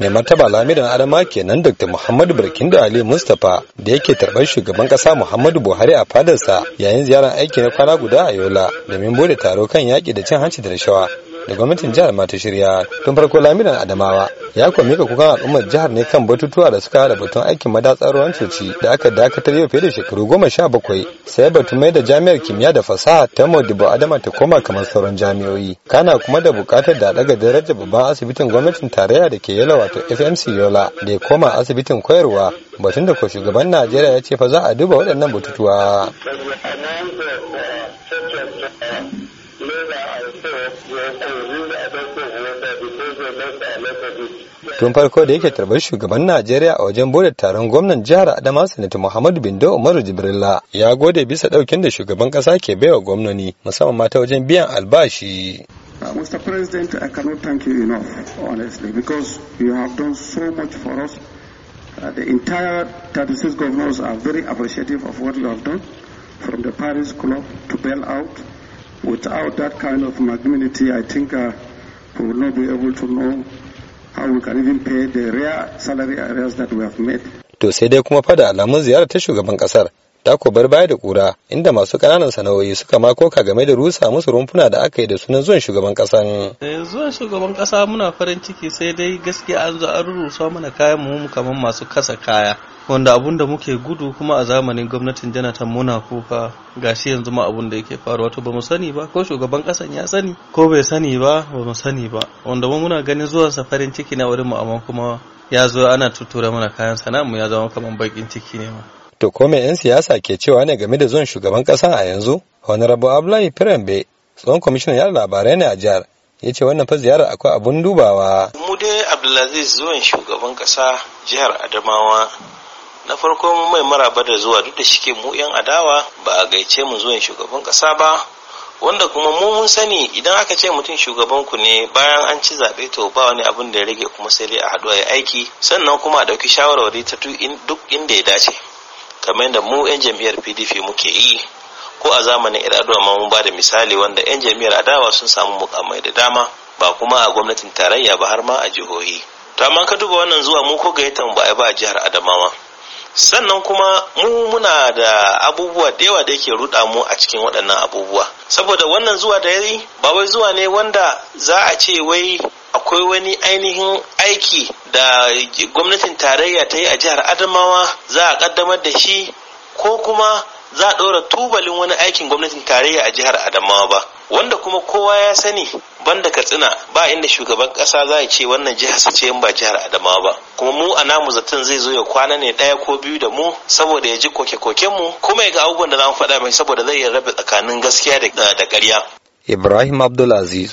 mai martaba lamirin adama kenan dr muhammadu barkindo ali mustapha da yake tarbar shugaban kasa muhammadu buhari a fadarsa yayin ziyarar aiki na kwana guda a yola domin bude taro kan yaƙi da cin hanci da rashawa da gwamnatin jihar ma ta shirya tun farko lamiran adamawa ya kuwa mika kukan al'ummar jihar ne kan batutuwa da suka hada batun aikin madatsar ruwan coci da aka dakatar yau fiye da shekaru goma sha bakwai sai batun mai da jami'ar kimiyya da fasaha ta modibo adama ta koma kamar sauran jami'o'i kana kuma da bukatar da daga daraja babban asibitin gwamnatin tarayya da ke yalawa wato fmc yola da ya koma asibitin koyarwa batun da ko shugaban najeriya ya ce fa za a duba waɗannan batutuwa Tun farko da yake tarbar shugaban Najeriya a wajen bude taron gwamnan jihar Adama Sanata Muhammadu Bindo Umaru Jibrilla ya gode bisa daukin da shugaban kasa ke baiwa gwamnoni musamman mata wajen biyan albashi. Uh, Mr. President, I cannot thank you enough, honestly, because you have done so much for us. Uh, the entire 36 governors are very appreciative of what you have done, from the Paris Club to bail Out without that kind of magnanimity, I think uh, we will not be able to know how we can even pay the rare salary areas that we have made. To sai dai kuma fada alamun ziyarar ta shugaban kasar ta ko bar baya da kura inda masu ƙananan sana'o'i suka ma koka game da rusa musu rumfuna da aka yi da sunan zuwan shugaban ne. zuwan shugaban ƙasa muna farin ciki sai dai gaskiya an zo an rusa mana kayan mu kamar masu kasa kaya wanda abun da muke gudu kuma a zamanin gwamnatin janatan muna kuka gashi yanzu ma abun da yake faruwa to bamu sani ba ko shugaban ƙasan ya sani ko bai sani ba bamu sani ba wanda mu muna ganin zuwan sa farin ciki na wurin mu amma kuma ya zo ana tuttura mana kayan sana'a mu ya zama kaman bakin ciki ne ma To ko me 'yan siyasa ke cewa ne game da zuwan shugaban kasa a yanzu? Honorable Abdullahi Firambe, tsohon kwamishinan yara labarai ne a jihar, ya ce wannan fa ziyarar akwai abun dubawa. Mu dai Abdulaziz zuwan shugaban kasa jihar Adamawa na farko mu mai maraba da zuwa duk da shike mu 'yan adawa ba a gaice mu zuwan shugaban ƙasa ba wanda kuma mu mun sani idan aka ce mutum shugaban ku ne bayan an ci zaɓe to ba wani abun da ya rage kuma sai dai a haɗu a yi aiki sannan kuma a ɗauki shawarwari ta duk inda ya dace kamar yadda mu 'yan jam'iyyar pdp muke yi ko a zamanin iradu ma mun ba da misali wanda 'yan jam'iyyar adawa sun samu mukamai da dama ba kuma a gwamnatin tarayya ba har ma a jihohi to amma ka duba wannan zuwa mu ko gayyatan ba a ba a jihar adamawa sannan kuma mu muna da abubuwa da yawa da yake ruda mu a cikin waɗannan abubuwa saboda wannan zuwa da yayi ba wai zuwa ne wanda za a ce wai akwai wani ainihin aiki da gwamnatin tarayya ta yi a jihar adamawa za a kaddamar da shi ko kuma za a ɗora tubalin wani aikin gwamnatin tarayya a jihar adamawa ba wanda kuma kowa ya sani banda katsina ba inda shugaban ƙasa za ya ce wannan jihar su ce in ba jihar adamawa ba kuma mu a namu zaton zai zo ya kwana ne ɗaya ko biyu da mu saboda ya ji koke-koken mu kuma ya ga abubuwan da za mu faɗa mai saboda zai rabe tsakanin gaskiya da ƙarya ibrahim abdulaziz